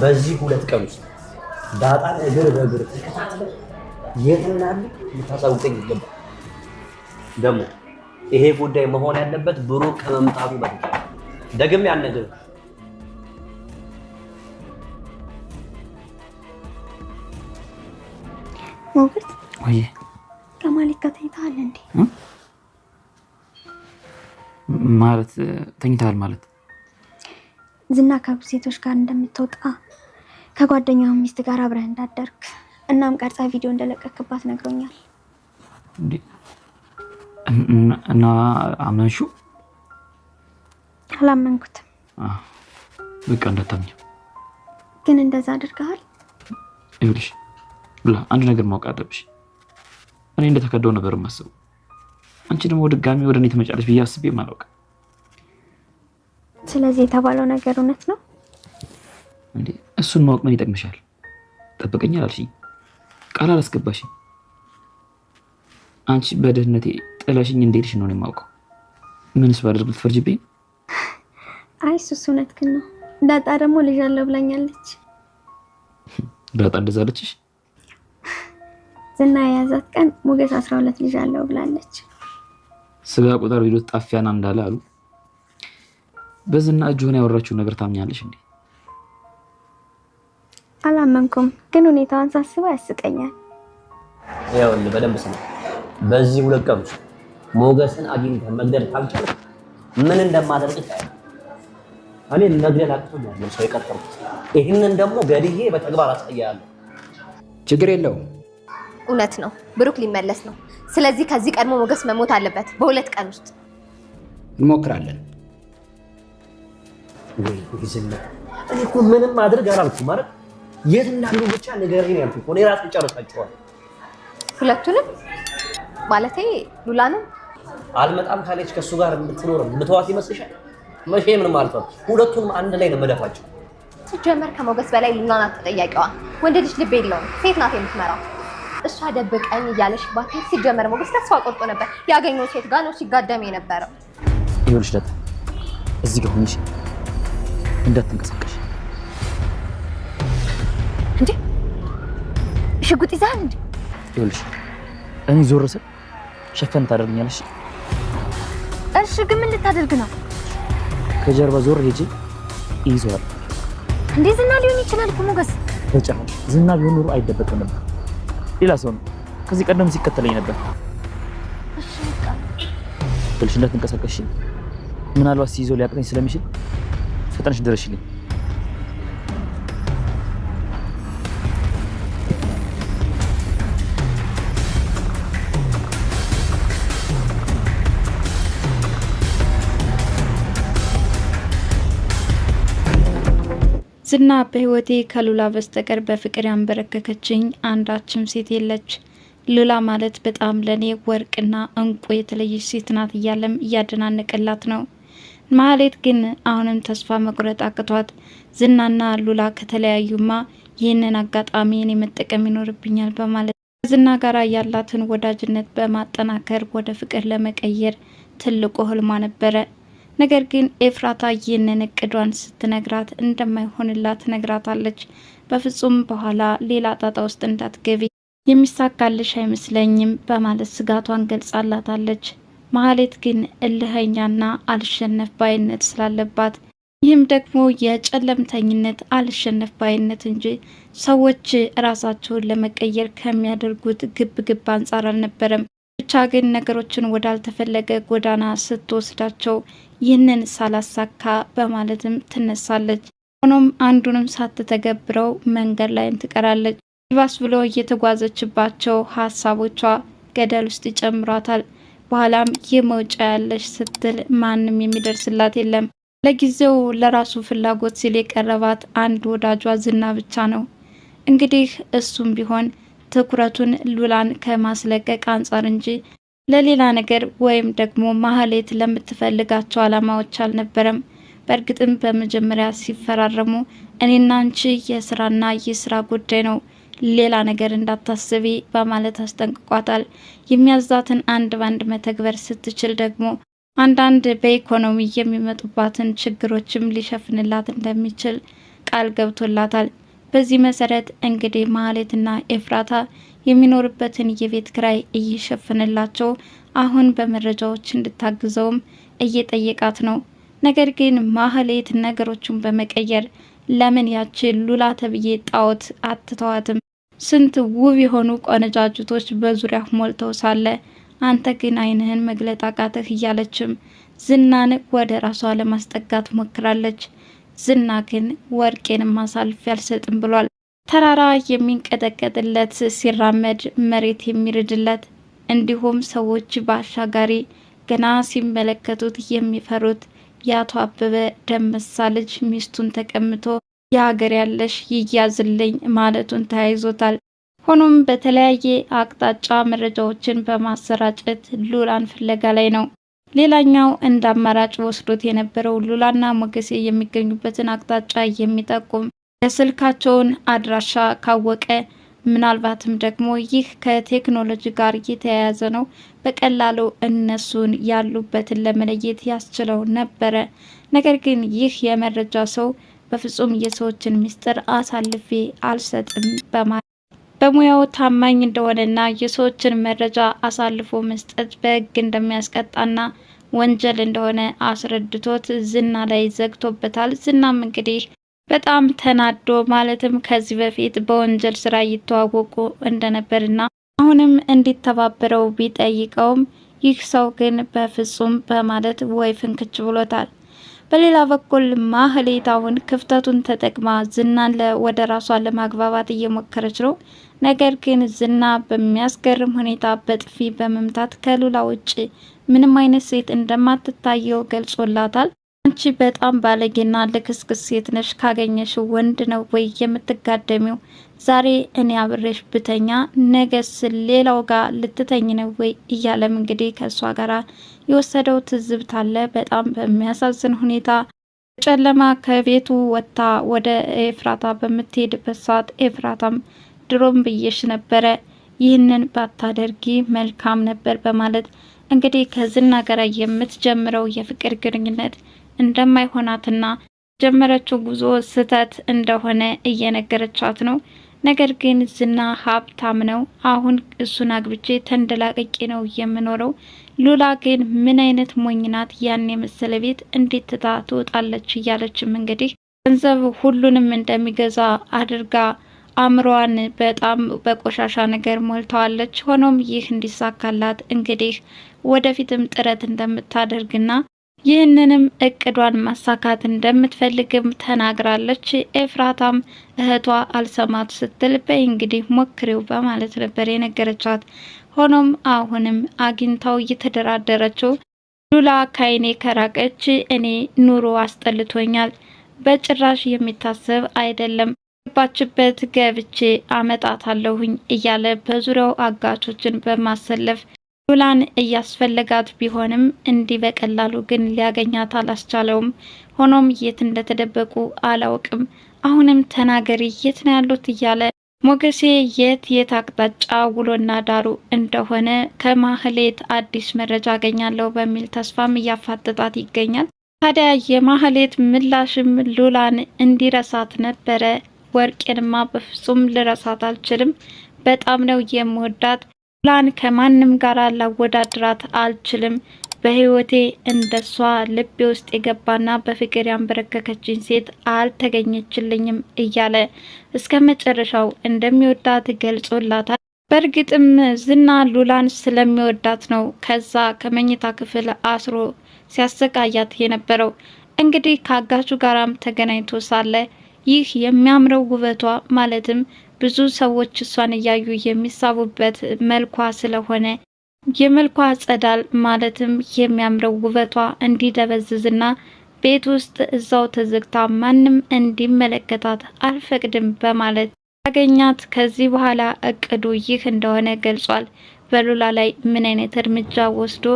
በዚህ ሁለት ቀን ውስጥ ዳጣን እግር በእግር ተከታትለህ የት እንዳለ ልታሳውቀኝ ይገባል። ደግሞ ይሄ ጉዳይ መሆን ያለበት ብሩክ ከመምጣቱ በፊት ደግም ያነገር ሞገስ ወይ ከማሌት ጋር ተኝተሃል እንዴ? ማለት ተኝተሃል ማለት ዝና ከብዙ ሴቶች ጋር እንደምትወጣ ከጓደኛው ሚስት ጋር አብረህ እንዳደርግ እናም ቀርጻ ቪዲዮ እንደለቀክባት ነግሮኛል። እና አመንሹ? አላመንኩትም። በቃ እንዳታምኝ። ግን እንደዛ አድርገሃል። ይኸውልሽ ብላ አንድ ነገር ማወቅ አለብሽ። እኔ እንደተከደው ነበር የማስበው። አንቺ ደግሞ ድጋሚ ወደ እኔ ተመጫለች ብዬ አስቤ አላውቅም። ስለዚህ የተባለው ነገር እውነት ነው እንዴ? እሱን ማወቅ ምን ይጠቅምሻል? ጠብቀኝ አላልሽኝ፣ ቃል አላስገባሽኝ። አንቺ በድህነቴ ጥለሽኝ እንደሄድሽ ነው የማውቀው። ምንስ ባደርግ ልትፈርጅብኝ? አይ እሱስ ግን ነው። ዳጣ ደግሞ ልጅ አለው ብላኛለች። ዳጣ እንደዛ አለችሽ? ዝና የያዛት ቀን ሞገስ አስራ ሁለት ልጅ አለው ብላለች። ስጋ ቁጥር ቢሉት ጣፊያና እንዳለ አሉ በዝና እጅ ሆና ያወራችውን ነገር ታምኛለሽ እንዴ? አላመንኩም፣ ግን ሁኔታዋን ሳስበው ያስቀኛል። ይኸውልህ በደንብ ስማ። በዚህ ሁለት ቀን ሞገስን አግኝተህ መግደል ካልቻልክ ምን እንደማደርግ ይታያል። እኔ መግደል አቅቶኝ ሰው የቀጠርኩት ይህንን ደግሞ ገድዬ በተግባር አሳያለሁ። ችግር የለውም። እውነት ነው፣ ብሩክ ሊመለስ ነው። ስለዚህ ከዚህ ቀድሞ ሞገስ መሞት አለበት። በሁለት ቀን ውስጥ እንሞክራለን። ወይ እኔ እኮ ምንም አድርግ አላልኩም ማለት የት እንዳሉ ብቻ ንገረኝ ነው ያልኩህ። እኔ ራሴ ጨርሳቸዋል ሁለቱንም፣ ማለቴ ሉላንም። አልመጣም ካለች ከእሱ ጋር የምትኖር ምትዋት ይመስልሻል? መቼ ምንም አልፈም። ሁለቱንም አንድ ላይ ነው መደፋቸው። ስትጀመር ከሞገስ በላይ ሉላ ናት ተጠያቂዋ። ወንድ ልጅ ልብ የለውም፣ ሴት ናት የምትመራው። እሷ ደብቀኝ እያለሽ ባት ሲጀመር ሞገስ ተስፋ ቆርጦ ነበር ያገኘው ሴት ጋር ነው ሲጋደም የነበረው። ይኸውልሽ ለታ እዚህ ጋር ሆነሽ እንዳትንቀሳቀሽ። እንዴ ሽጉጥ ይዛል እንዴ? ይኸውልሽ እኔ ዞር ስል ሸፈን ታደርግኛለሽ። እሺ ግን ምን ልታደርግ ነው? ከጀርባ ዞር ሄጂ ይይዘዋል። እንዴ ዝና ሊሆን ይችላል እኮ ሞገስ። በጭራሽ ዝና ቢሆን ኑሮ አይደበቅም ነበር። ሌላ ሰው ነው። ከዚህ ቀደም ሲከተለኝ ነበር። እሺ ልሽ እንዳትንቀሳቀሽ። ምናልባት ሲይዘው ሊያቅጠኝ ስለሚችል ትንሽ ድረሽልኝ። ዝና በህይወቴ ከሉላ በስተቀር በፍቅር ያንበረከከችኝ አንዳችም ሴት የለች። ሉላ ማለት በጣም ለኔ ወርቅና እንቁ የተለየች ሴት ናት እያለም እያደናነቀላት ነው። ማህሌት ግን አሁንም ተስፋ መቁረጥ አቅቷት ዝናና ሉላ ከተለያዩማ ይህንን አጋጣሚ እኔ መጠቀም ይኖርብኛል በማለት ከዝና ጋር ያላትን ወዳጅነት በማጠናከር ወደ ፍቅር ለመቀየር ትልቁ ህልሟ ነበረ። ነገር ግን ኤፍራታ ይህንን እቅዷን ስትነግራት እንደማይሆንላት ነግራታለች። በፍጹም በኋላ ሌላ ጣጣ ውስጥ እንዳትገቢ የሚሳካልሽ አይመስለኝም በማለት ስጋቷን ገልጻላታለች። ማህሌት ግን እልኸኛና አልሸነፍ ባይነት ስላለባት ይህም ደግሞ የጨለምተኝነት አልሸነፍ ባይነት እንጂ ሰዎች ራሳቸውን ለመቀየር ከሚያደርጉት ግብ ግብ አንጻር አልነበረም። ብቻ ግን ነገሮችን ወዳልተፈለገ ጎዳና ስትወስዳቸው ይህንን ሳላሳካ በማለትም ትነሳለች። ሆኖም አንዱንም ሳትተገብረው መንገድ ላይም ትቀራለች። ይባስ ብሎ እየተጓዘችባቸው ሀሳቦቿ ገደል ውስጥ ይጨምሯታል። በኋላም ይህ መውጫ ያለሽ ስትል ማንም የሚደርስላት የለም። ለጊዜው ለራሱ ፍላጎት ሲል የቀረባት አንድ ወዳጇ ዝና ብቻ ነው። እንግዲህ እሱም ቢሆን ትኩረቱን ሉላን ከማስለቀቅ አንጻር እንጂ ለሌላ ነገር ወይም ደግሞ ማህሌት ለምትፈልጋቸው ዓላማዎች አልነበረም። በእርግጥም በመጀመሪያ ሲፈራረሙ እኔና አንቺ የስራና የስራ ጉዳይ ነው ሌላ ነገር እንዳታስቢ በማለት አስጠንቅቋታል። የሚያዛትን አንድ ባንድ መተግበር ስትችል ደግሞ አንዳንድ በኢኮኖሚ የሚመጡባትን ችግሮችም ሊሸፍንላት እንደሚችል ቃል ገብቶላታል። በዚህ መሰረት እንግዲህ ማህሌትና ኤፍራታ የሚኖርበትን የቤት ክራይ እየሸፈንላቸው አሁን በመረጃዎች እንድታግዘውም እየጠየቃት ነው። ነገር ግን ማህሌት ነገሮቹን በመቀየር ለምን ያችን ሉላ ተብዬ ጣዖት አትተዋትም ስንት ውብ የሆኑ ቆነጃጅቶች በዙሪያ ሞልተው ሳለ አንተ ግን አይንህን መግለጥ አቃተህ እያለችም ዝናን ወደ ራሷ ለማስጠጋት ሞክራለች። ዝና ግን ወርቄንም ማሳልፍ ያልሰጥም ብሏል። ተራራ የሚንቀጠቀጥለት ሲራመድ መሬት የሚርድለት እንዲሁም ሰዎች በአሻጋሪ ገና ሲመለከቱት የሚፈሩት የአቶ አበበ ደመሳ ልጅ ሚስቱን ተቀምቶ የሀገር ያለሽ ይያዝልኝ ማለቱን ተያይዞታል። ሆኖም በተለያየ አቅጣጫ መረጃዎችን በማሰራጨት ሉላን ፍለጋ ላይ ነው። ሌላኛው እንደ አማራጭ ወስዶት የነበረው ሉላና ሞገሴ የሚገኙበትን አቅጣጫ የሚጠቁም የስልካቸውን አድራሻ ካወቀ ምናልባትም ደግሞ ይህ ከቴክኖሎጂ ጋር የተያያዘ ነው፣ በቀላሉ እነሱን ያሉበትን ለመለየት ያስችለው ነበረ። ነገር ግን ይህ የመረጃ ሰው በፍጹም የሰዎችን ምስጢር አሳልፌ አልሰጥም በማለት በሙያው ታማኝ እንደሆነና የሰዎችን መረጃ አሳልፎ መስጠት በሕግ እንደሚያስቀጣና ወንጀል እንደሆነ አስረድቶት ዝና ላይ ዘግቶበታል። ዝናም እንግዲህ በጣም ተናዶ ማለትም ከዚህ በፊት በወንጀል ስራ እየተዋወቁ እንደነበርና አሁንም እንዲተባበረው ቢጠይቀውም ይህ ሰው ግን በፍጹም በማለት ወይ ፍንክች ብሎታል። በሌላ በኩል ማህሌት አሁን ክፍተቱን ተጠቅማ ዝናን ወደ ራሷ ለማግባባት እየሞከረች ነው። ነገር ግን ዝና በሚያስገርም ሁኔታ በጥፊ በመምታት ከሉላ ውጭ ምንም አይነት ሴት እንደማትታየው ገልጾላታል። አንቺ በጣም ባለጌና ልክስክስ ሴት ነሽ። ካገኘሽ ወንድ ነው ወይ የምትጋደሚው? ዛሬ እኔ አብሬሽ ብተኛ ነገስ ሌላው ጋር ልትተኝ ነው ወይ እያለም እንግዲህ ከእሷ ጋር የወሰደው ትዝብት አለ። በጣም በሚያሳዝን ሁኔታ ጨለማ ከቤቱ ወጥታ ወደ ኤፍራታ በምትሄድበት ሰዓት ኤፍራታም ድሮም ብዬሽ ነበረ ይህንን ባታደርጊ መልካም ነበር በማለት እንግዲህ ከዝና ጋር የምትጀምረው የፍቅር ግንኙነት እንደማይሆናትና ጀመረችው ጉዞ ስህተት እንደሆነ እየነገረቻት ነው። ነገር ግን ዝና ሀብታም ነው። አሁን እሱን አግብቼ ተንደላቀቄ ነው የምኖረው። ሉላ ግን ምን አይነት ሞኝ ናት? ያን የመሰለ ቤት እንዴት ትታ ትወጣለች? እያለችም እንግዲህ ገንዘብ ሁሉንም እንደሚገዛ አድርጋ አእምሮዋን በጣም በቆሻሻ ነገር ሞልተዋለች። ሆኖም ይህ እንዲሳካላት እንግዲህ ወደፊትም ጥረት እንደምታደርግና ይህንንም እቅዷን ማሳካት እንደምትፈልግም ተናግራለች። ኤፍራታም እህቷ አልሰማት ስትል በይ እንግዲህ ሞክሪው በማለት ነበር የነገረቻት። ሆኖም አሁንም አግኝታው እየተደራደረችው ሉላ ካይኔ ከራቀች እኔ ኑሮ አስጠልቶኛል፣ በጭራሽ የሚታሰብ አይደለም ባችበት ገብቼ አመጣታለሁኝ እያለ በዙሪያው አጋቾችን በማሰለፍ ሉላን እያስፈለጋት ቢሆንም እንዲህ በቀላሉ ግን ሊያገኛት አላስቻለውም። ሆኖም የት እንደተደበቁ አላውቅም፣ አሁንም ተናገሪ፣ የት ነው ያሉት እያለ ሞገሴ የት የት አቅጣጫ ውሎና ዳሩ እንደሆነ ከማህሌት አዲስ መረጃ አገኛለሁ በሚል ተስፋም እያፋጠጣት ይገኛል። ታዲያ የማህሌት ምላሽም ሉላን እንዲረሳት ነበረ። ወርቄንማ በፍጹም ልረሳት አልችልም፣ በጣም ነው የምወዳት ላን ከማንም ጋር ላወዳድራት አልችልም። በህይወቴ እንደሷ ልቤ ውስጥ የገባና በፍቅር ያንበረከከችኝ ሴት አልተገኘችልኝም እያለ እስከ መጨረሻው እንደሚወዳት ገልጾላታል። በእርግጥም ዝና ሉላን ስለሚወዳት ነው ከዛ ከመኝታ ክፍል አስሮ ሲያሰቃያት የነበረው። እንግዲህ ከአጋቹ ጋራም ተገናኝቶ ሳለ ይህ የሚያምረው ውበቷ ማለትም ብዙ ሰዎች እሷን እያዩ የሚሳቡበት መልኳ ስለሆነ የመልኳ ጸዳል ማለትም የሚያምረው ውበቷ እንዲደበዝዝና ቤት ውስጥ እዛው ተዘግታ ማንም እንዲመለከታት አልፈቅድም በማለት ያገኛት ከዚህ በኋላ እቅዱ ይህ እንደሆነ ገልጿል። በሉላ ላይ ምን አይነት እርምጃ ወስዶ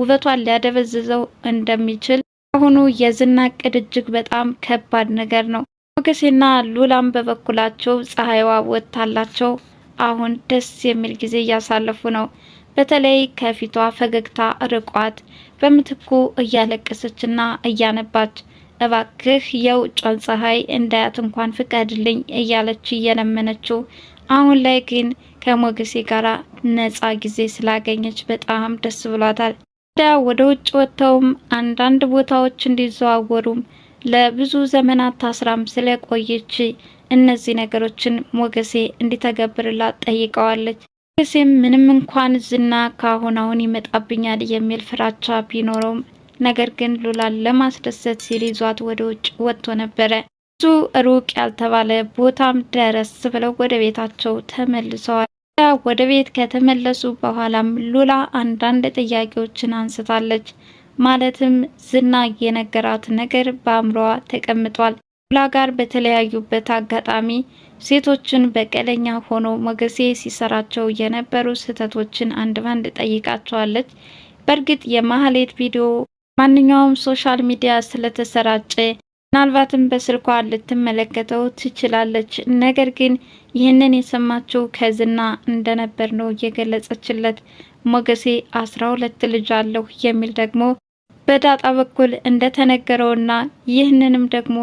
ውበቷን ሊያደበዝዘው እንደሚችል አሁኑ የዝና እቅድ እጅግ በጣም ከባድ ነገር ነው። ሞገሴና ሉላም በበኩላቸው ፀሐይዋ ወጥታላቸው አሁን ደስ የሚል ጊዜ እያሳለፉ ነው። በተለይ ከፊቷ ፈገግታ ርቋት በምትኩ እያለቀሰችና እያነባች እባክህ የውጯን ፀሐይ እንዳያት እንኳን ፍቀድልኝ እያለች እየለመነችው፣ አሁን ላይ ግን ከሞገሴ ጋር ነፃ ጊዜ ስላገኘች በጣም ደስ ብሏታል። ወደ ውጭ ወጥተውም አንዳንድ ቦታዎች እንዲዘዋወሩም ለብዙ ዘመናት ታስራም ስለቆየች እነዚህ ነገሮችን ሞገሴ እንዲተገብርላት ጠይቀዋለች። ሞገሴም ምንም እንኳን ዝና ከአሁን አሁን ይመጣብኛል የሚል ፍራቻ ቢኖረውም ነገር ግን ሉላን ለማስደሰት ሲል ይዟት ወደ ውጭ ወጥቶ ነበረ። ብዙ ሩቅ ያልተባለ ቦታም ደረስ ብለው ወደ ቤታቸው ተመልሰዋል። ወደ ቤት ከተመለሱ በኋላም ሉላ አንዳንድ ጥያቄዎችን አንስታለች። ማለትም ዝና የነገራት ነገር በአእምሯ ተቀምጧል። ሉላ ጋር በተለያዩበት አጋጣሚ ሴቶችን በቀለኛ ሆኖ ሞገሴ ሲሰራቸው የነበሩ ስህተቶችን አንድ ባንድ ጠይቃቸዋለች። በእርግጥ የማህሌት ቪዲዮ ማንኛውም ሶሻል ሚዲያ ስለተሰራጨ ምናልባትም በስልኳ ልትመለከተው ትችላለች። ነገር ግን ይህንን የሰማችው ከዝና እንደነበር ነው የገለጸችለት። ሞገሴ አስራ ሁለት ልጅ አለሁ የሚል ደግሞ በዳጣ በኩል እንደተነገረውና ይህንንም ደግሞ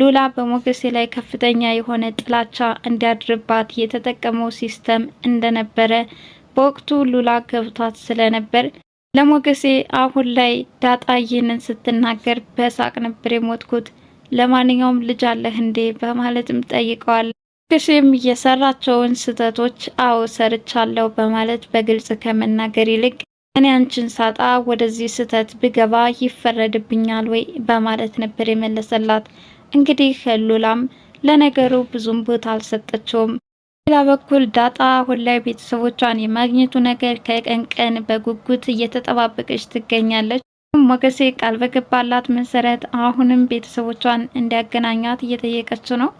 ሉላ በሞገሴ ላይ ከፍተኛ የሆነ ጥላቻ እንዲያድርባት የተጠቀመው ሲስተም እንደነበረ በወቅቱ ሉላ ገብቷት ስለነበር ለሞገሴ አሁን ላይ ዳጣ ይህንን ስትናገር በሳቅ ነበር የሞትኩት። ለማንኛውም ልጅ አለህ እንዴ በማለትም ጠይቀዋል። ሞገሴም የሰራቸውን ስህተቶች አዎ ሰርቻለሁ በማለት በግልጽ ከመናገር ይልቅ እኔ አንቺን ሳጣ ወደዚህ ስህተት ብገባ ይፈረድብኛል ወይ በማለት ነበር የመለሰላት። እንግዲህ ሉላም ለነገሩ ብዙም ቦታ አልሰጠችውም። ሌላ በኩል ዳጣ አሁን ላይ ቤተሰቦቿን የማግኘቱ ነገር ከቀን ቀን በጉጉት እየተጠባበቀች ትገኛለች። ሞገሴ ቃል በገባላት መሰረት አሁንም ቤተሰቦቿን እንዲያገናኛት እየጠየቀችው ነው።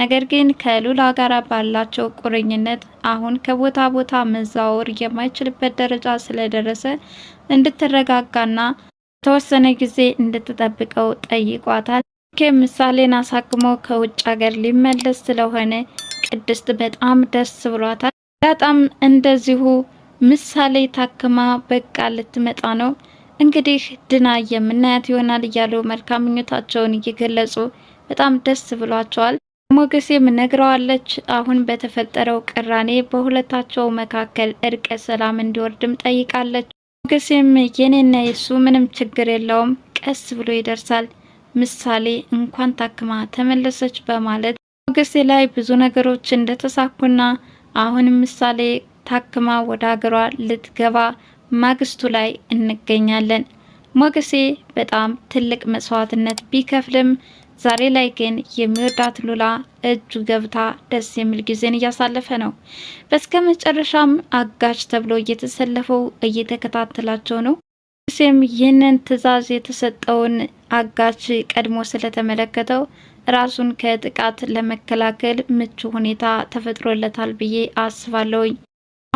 ነገር ግን ከሉላ ጋር ባላቸው ቁርኝነት አሁን ከቦታ ቦታ መዛወር የማይችልበት ደረጃ ስለደረሰ እንድትረጋጋና የተወሰነ ጊዜ እንድትጠብቀው ጠይቋታል። ኬ ምሳሌን አሳክሞ ከውጭ ሀገር ሊመለስ ስለሆነ ቅድስት በጣም ደስ ብሏታል። ዳጣም እንደዚሁ ምሳሌ ታክማ በቃ ልትመጣ ነው እንግዲህ ድና የምናያት ይሆናል እያሉ መልካም ምኞታቸውን እየገለጹ በጣም ደስ ብሏቸዋል። ሞገሴም ነግረዋለች። አሁን በተፈጠረው ቅራኔ በሁለታቸው መካከል እርቀ ሰላም እንዲወርድም ጠይቃለች። ሞገሴም የኔና የሱ ምንም ችግር የለውም፣ ቀስ ብሎ ይደርሳል፣ ምሳሌ እንኳን ታክማ ተመለሰች በማለት ሞገሴ ላይ ብዙ ነገሮች እንደተሳኩና አሁን ምሳሌ ታክማ ወደ ሀገሯ ልትገባ ማግስቱ ላይ እንገኛለን። ሞገሴ በጣም ትልቅ መስዋዕትነት ቢከፍልም ዛሬ ላይ ግን የሚወዳት ሉላ እጁ ገብታ ደስ የሚል ጊዜን እያሳለፈ ነው። በስከ መጨረሻም አጋች ተብሎ እየተሰለፈው እየተከታተላቸው ነው። ሴም ይህንን ትዕዛዝ የተሰጠውን አጋች ቀድሞ ስለተመለከተው ራሱን ከጥቃት ለመከላከል ምቹ ሁኔታ ተፈጥሮለታል ብዬ አስባለሁኝ።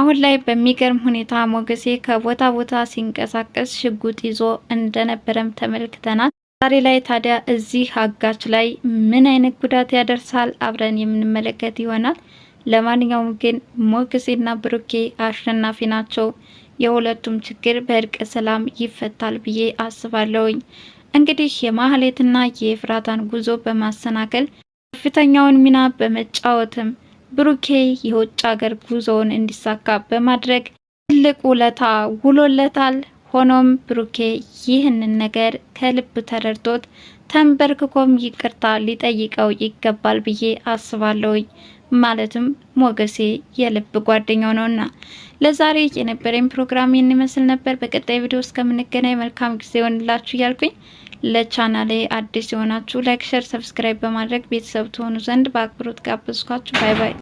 አሁን ላይ በሚገርም ሁኔታ ሞገሴ ከቦታ ቦታ ሲንቀሳቀስ ሽጉጥ ይዞ እንደነበረም ተመልክተናል። ዛሬ ላይ ታዲያ እዚህ አጋች ላይ ምን አይነት ጉዳት ያደርሳል አብረን የምንመለከት ይሆናል። ለማንኛውም ግን ሞገሴና ብሩኬ አሸናፊ ናቸው። የሁለቱም ችግር በእርቅ ሰላም ይፈታል ብዬ አስባለሁኝ። እንግዲህ የማህሌትና የኤፍራታን ጉዞ በማሰናከል ከፍተኛውን ሚና በመጫወትም ብሩኬ የውጭ ሀገር ጉዞውን እንዲሳካ በማድረግ ትልቅ ውለታ ውሎለታል። ሆኖም ብሩኬ ይህንን ነገር ከልብ ተረድቶት ተንበርክኮም ይቅርታ ሊጠይቀው ይገባል ብዬ አስባለሁኝ። ማለትም ሞገሴ የልብ ጓደኛው ነውና። ለዛሬ የነበረኝ ፕሮግራም ይህን ይመስል ነበር። በቀጣይ ቪዲዮ እስከምንገናኝ መልካም ጊዜ ሆንላችሁ እያልኩኝ ለቻናሌ አዲስ የሆናችሁ ላይክ፣ ሸር፣ ሰብስክራይብ በማድረግ ቤተሰብ ትሆኑ ዘንድ በአክብሮት ጋብዝኳችሁ። ባይ ባይ።